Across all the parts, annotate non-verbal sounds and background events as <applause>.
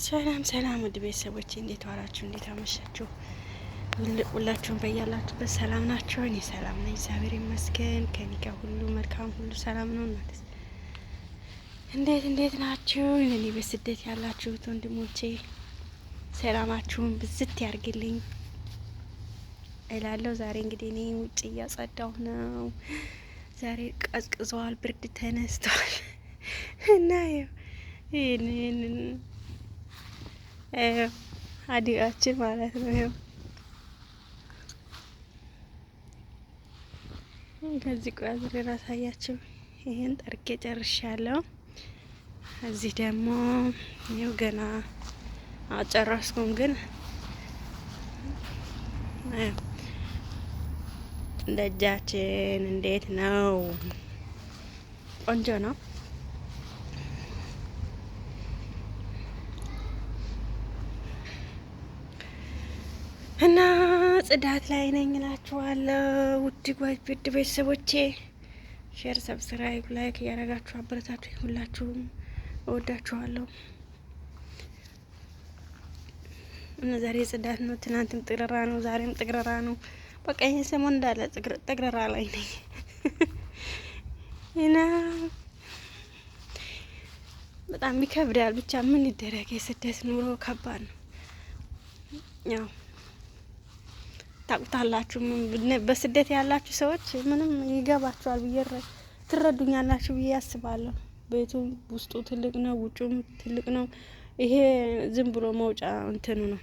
ሰላም ሰላም፣ ውድ ቤተሰቦች እንዴት ዋላችሁ? እንዴት አመሻችሁ? ሁላችሁም በያላችሁበት ሰላም ናቸው። እኔ ሰላም ነኝ፣ እግዚአብሔር ይመስገን። ከኔ ጋር ሁሉ መልካም፣ ሁሉ ሰላም ነው። እናት እንዴት እንዴት ናችሁ? እኔ በስደት ያላችሁት ወንድሞቼ ሰላማችሁን ብዝት ያርግልኝ እላለሁ። ዛሬ እንግዲህ እኔ ውጭ እያጸዳሁ ነው። ዛሬ ቀዝቅዘዋል፣ ብርድ ተነስቷል <laughs> እና ይህንን አዲጋችን ማለት ነው። ይሄው ከዚህ ቆያ ዘለ ላሳያችሁ። ይሄን ጠርቄ ጨርሻለሁ። እዚህ ደግሞ ይሄው ገና አጨረስኩም፣ ግን ደጃችን እንዴት ነው? ቆንጆ ነው። እና ጽዳት ላይ ነኝ እላችኋለሁ። ውድ ጓጅ ብድ ቤተሰቦቼ ሼር፣ ሰብስክራይብ፣ ላይክ እያደረጋችሁ አበረታቱ። ሁላችሁም እወዳችኋለሁ። እና ዛሬ ጽዳት ነው። ትናንትም ጥግረራ ነው፣ ዛሬም ጥግረራ ነው። በቃ ይህን ሰሞን እንዳለ ጥግረራ ላይ ነኝ <laughs> እና በጣም ይከብዳል። ብቻ ምን ይደረግ፣ የስደት ኑሮ ከባድ ነው ያው ታቁታላችሁ። በስደት ያላችሁ ሰዎች ምንም ይገባችኋል ብዬ ትረዱኛላችሁ ብዬ ያስባለሁ። ቤቱም ውስጡ ትልቅ ነው፣ ውጩም ትልቅ ነው። ይሄ ዝም ብሎ መውጫ እንትኑ ነው።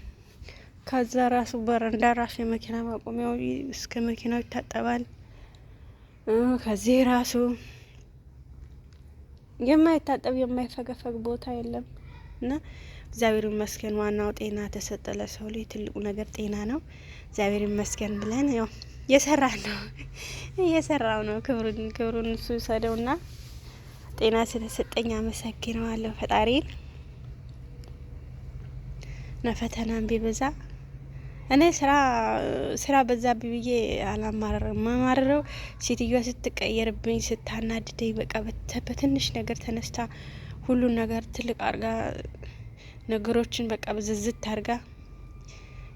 ከዛ ራሱ በረንዳ ራሱ የመኪና ማቆሚያው እስከ መኪናው ይታጠባል። ከዚህ ራሱ የማይታጠብ የማይፈገፈግ ቦታ የለም። እና እግዚአብሔር ይመስገን ዋናው ጤና ተሰጠ። ለሰው ልጅ ትልቁ ነገር ጤና ነው። እግዚአብሔር ይመስገን ብለን ያው የሰራ ነው <laughs> የሰራው ነው። ክብሩን ክብሩን እሱ ሰደውና ጤና ስለሰጠኝ አመሰግነዋለሁ ፈጣሪን። ነፈተናም ቢበዛ እኔ ስራ ስራ በዛ ብዬ አላማረረ ማማረረው ሴትዮዋ ስትቀየርብኝ ስታናድደኝ፣ በቃ በትንሽ ነገር ተነስታ ሁሉን ነገር ትልቅ አርጋ ነገሮችን በቃ በዝዝት አርጋ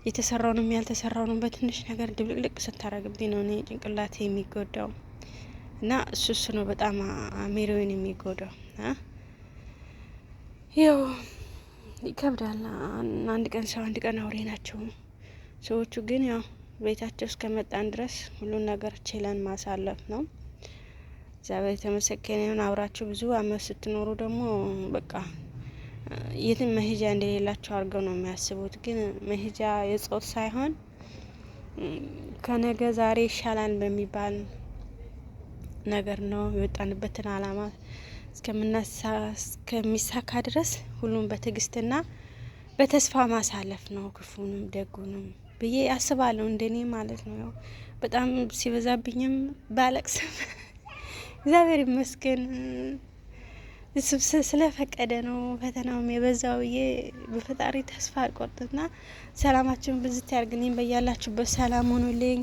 የተሰራውንም ያልተሰራውንም በትንሽ ነገር ድብልቅልቅ ስታረግብኝ ነው እኔ ጭንቅላቴ የሚጎዳው እና እሱስ ነው በጣም አሜሪዊን የሚጎዳው። ይኸው ይከብዳል። አንድ ቀን ሰው አንድ ቀን አውሬ ናቸው። ሰዎቹ ግን ያው ቤታቸው እስከመጣን ድረስ ሁሉን ነገር ችለን ማሳለፍ ነው። እግዚአብሔር የተመሰገነ ይሁን። አብራችሁ ብዙ አመት ስትኖሩ ደግሞ በቃ የትም መሄጃ እንደሌላቸው አድርገው ነው የሚያስቡት። ግን መሄጃ የጾት ሳይሆን ከነገ ዛሬ ይሻላል በሚባል ነገር ነው የወጣንበትን አላማ እስከሚሳካ ድረስ ሁሉም በትዕግስትና በተስፋ ማሳለፍ ነው ክፉንም ደጉንም ብዬ አስባለሁ። እንደኔ ማለት ነው። ያው በጣም ሲበዛብኝም ባለቅስም <laughs> እግዚአብሔር ይመስገን ስለፈቀደ ነው ፈተናውም የበዛው ብዬ በፈጣሪ ተስፋ አልቆርጥና ሰላማችሁን ብዝት ያርግልኝ። በያላችሁበት ሰላም ሆኑልኝ።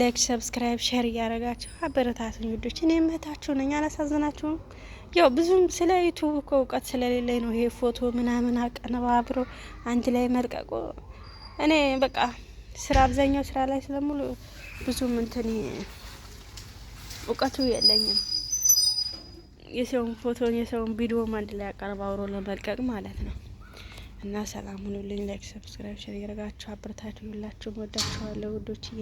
ላይክ፣ ሰብስክራይብ፣ ሼር እያደረጋችሁ አበረታቱኝ ውዶች። እኔ እህታችሁ ነኝ፣ አላሳዝናችሁም። ያው ብዙም ስለ ዩቱብ እኮ እውቀት ስለሌለኝ ነው ይሄ ፎቶ ምናምን አቀነባብሮ አንድ ላይ መልቀቁ እኔ በቃ ስራ አብዛኛው ስራ ላይ ስለሙሉ ብዙም እንትን እውቀቱ የለኝም። የሰውን ፎቶን የሰውን ቪዲዮም አንድ ላይ አቀርብ አውሮ ለመልቀቅ ማለት ነው። እና ሰላም ሁኑልኝ። ላይክ፣ ሰብስክራይብ፣ ሸር ያደርጋችሁ አበረታችሁ። ሁላችሁም ወዳችኋለሁ ውዶችዬ።